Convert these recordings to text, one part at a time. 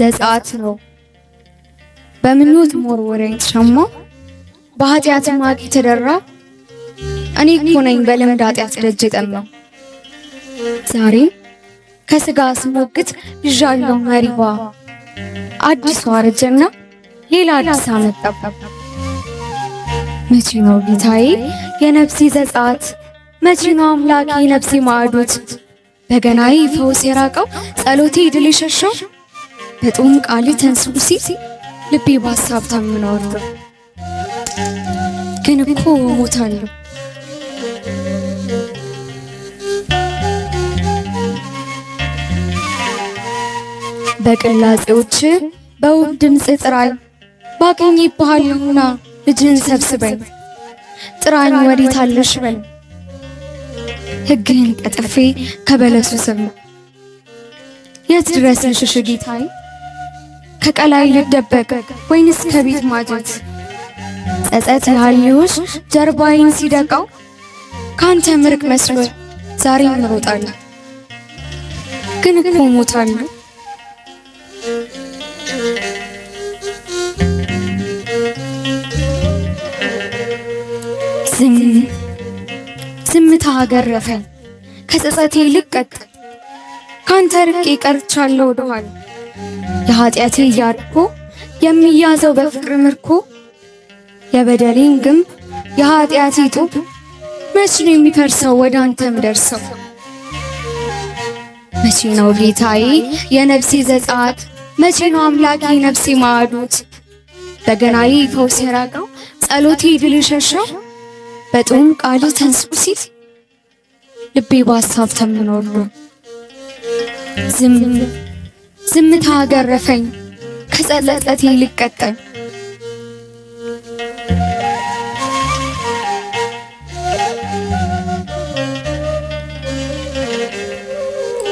ዘጸአት ነው። በምኞት መወርወሪያ የተሸማ በኃጢአት ማቅ የተደራ እኔ እኮ ነኝ በልምድ ኃጢአት ደጅ የጠማው ዛሬ ከስጋ ስሞግት ይዣለው መሪዋ አዲሱ አረጀና ሌላ አዲስ አመጣ። መቼ ነው ጌታዬ የነፍሴ ዘጸአት? መቼ ነው አምላኬ ነፍሴ ማዕዶት? በገናዬ ፈውስ የራቀው ጸሎቴ ድል የሸሸው በጦም ቃል ተንስቡ ሲል ልቤ በሀሳብ ታምኖ ግን እኮ ሞታለሁ በቅላጼዎች በውብ ድምፅ ጥራኝ ባገኝ ይባሃለሁና ልጅን ሰብስበኝ ጥራኝ ወዴት አለሽ በል ሕግህን ቀጥፌ ከበለሱ ስር የት ድረስ ልሽሽ ጌታዬ ከቀላይ ልደበቅ ወይንስ ከቤት ማጀት? ጸጸት ለአልዮሽ ጀርባዬን ሲደቃው ካንተ ምርቅ መስሎ ዛሬም እሮጣለሁ፣ ግን እኮ እሞታለሁ። ዝም ዝምታ አገረፈኝ ከጸጸቴ ልቀጥ ካንተ ርቄ ቀርቻለሁ ወደኋላ ለኃጢአቴ እያርኮ የሚያዘው በፍቅር ምርኮ የበደሌን ግንብ የኃጢአቴ ጡብ መች ነው የሚፈርሰው ወደ አንተም ደርሰው መቼ ነው ጌታዬ የነፍሴ ዘጻት መቼ ነው አምላኬ ነፍሴ ማዕዶት በገናዬ ፈውስ የራቀው ጸሎቴ ድል ሸሸው በጥዑም ቃል ተንሱ ሲል ልቤ በሀሳብ ተምኖሉ ዝም ዝምታ ገረፈኝ ከጸለጸቴ ልቀጠም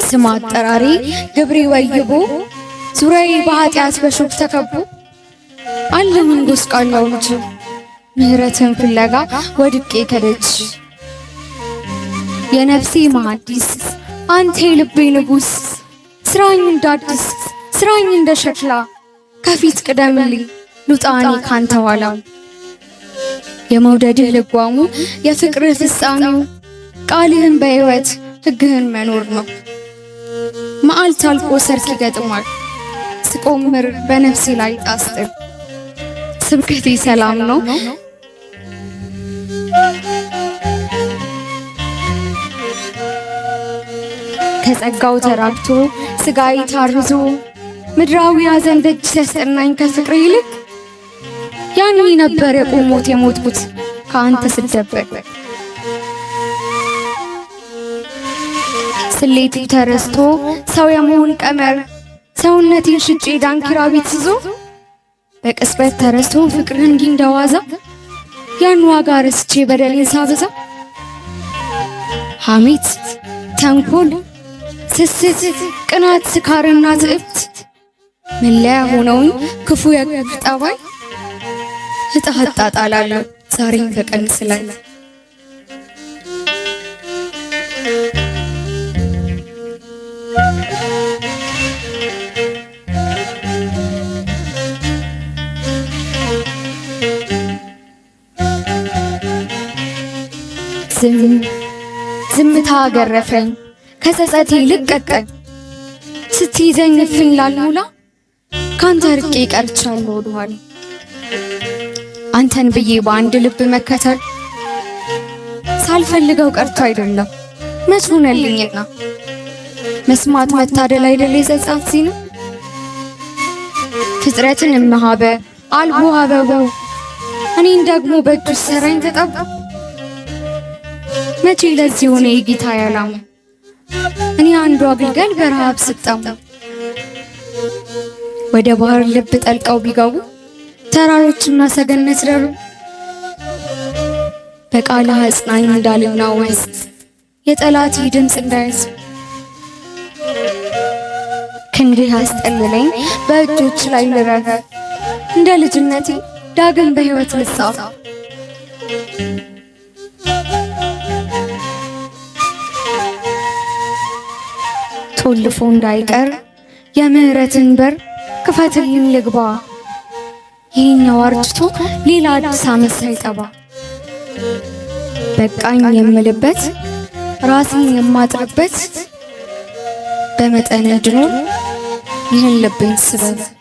ስም አጠራሪ ግብሪ ወይቦ ዙሪያዬ በኃጢአት በሾክ ተከቦ አለምን ጎስቋላው ልጅ ምህረትን ፍለጋ ወድቄ ከደጅ የነፍሴ መሐዲስ አንተ የልቤ ንጉስ! ስራኝ እንዳዲስ ስራኝ እንደ ሸክላ ከፊት ቅደምልኝ ሉጣኔ ካንተ ኋላ የመውደድህ ልጓሙ የፍቅርህ ፍጻሜው ቃልህን በሕይወት ሕግህን መኖር ነው። መዓልት ታልቆ ሰርክ ይገጥማል ስቆምር በነፍሴ ላይ ጣስጥል ስብከቴ ሰላም ነው። ከጸጋው ተራብቶ ስጋይ ታርዞ ምድራዊ ሐዘን ደጅ ሲያስጠናኝ ከፍቅር ይልቅ ያኔ ነበር የቆሞት የሞትኩት ከአንተ ስደበቅ ስሌቱ ተረስቶ ሰው የመሆን ቀመር ሰውነቴን ሽጬ ዳንኪራ ቤት ስዞ በቅጽበት ተረስቶ ፍቅር እንዲህ እንደዋዛ ያን ዋጋ ረስቼ በደሌን ሳበዛ ሐሜት፣ ተንኮል፣ ስስት፣ ቅናት፣ ስካርና ትዕብት መለያ ሆነውን ክፉ የግፍ ጠባይ እጣ ዛሬን ከቀን ስላይ ዝምታ ገረፈኝ ከጸጸቴ ልቀቀኝ ስትይዘኝ ፍን ሙላ ካንተ ርቄ ቀርቻለሁ ወደኋላ አንተን ብዬ በአንድ ልብ መከተል ሳልፈልገው ቀርቶ አይደለም መች ሆነልኝና መስማት መታደል አይደል የዘጻት ዜና ፍጥረትን እመሃበ አልቦ አበበው እኔን ደግሞ በእጁ ሰራኝ ተጠባ መቼ ለዚህ ሆነ የጌታ ያላማ እኔ አንዱ አገልጋል በረሃብ ስጠማ ወደ ባህር ልብ ጠልቀው ቢገቡ ተራሮችና ሰገነት ደሩ በቃለ አጽናኝ እንዳልና ወንዝ የጠላት ድምፅ እንዳይዝ ክንድህ አስጠልለኝ በእጆች ላይ ልረፍ እንደ ልጅነቴ ዳግም በሕይወት ልሳ ቶልፎ እንዳይቀር የምህረትን በር ክፈትልኝ ልግባ፣ ይህኛው አርጅቶ ሌላ አዲስ አመት ሳይጠባ በቃኝ የምልበት ራሴን የማጥርበት በመጠን እንድኖር ይህን ልብኝ ስበብ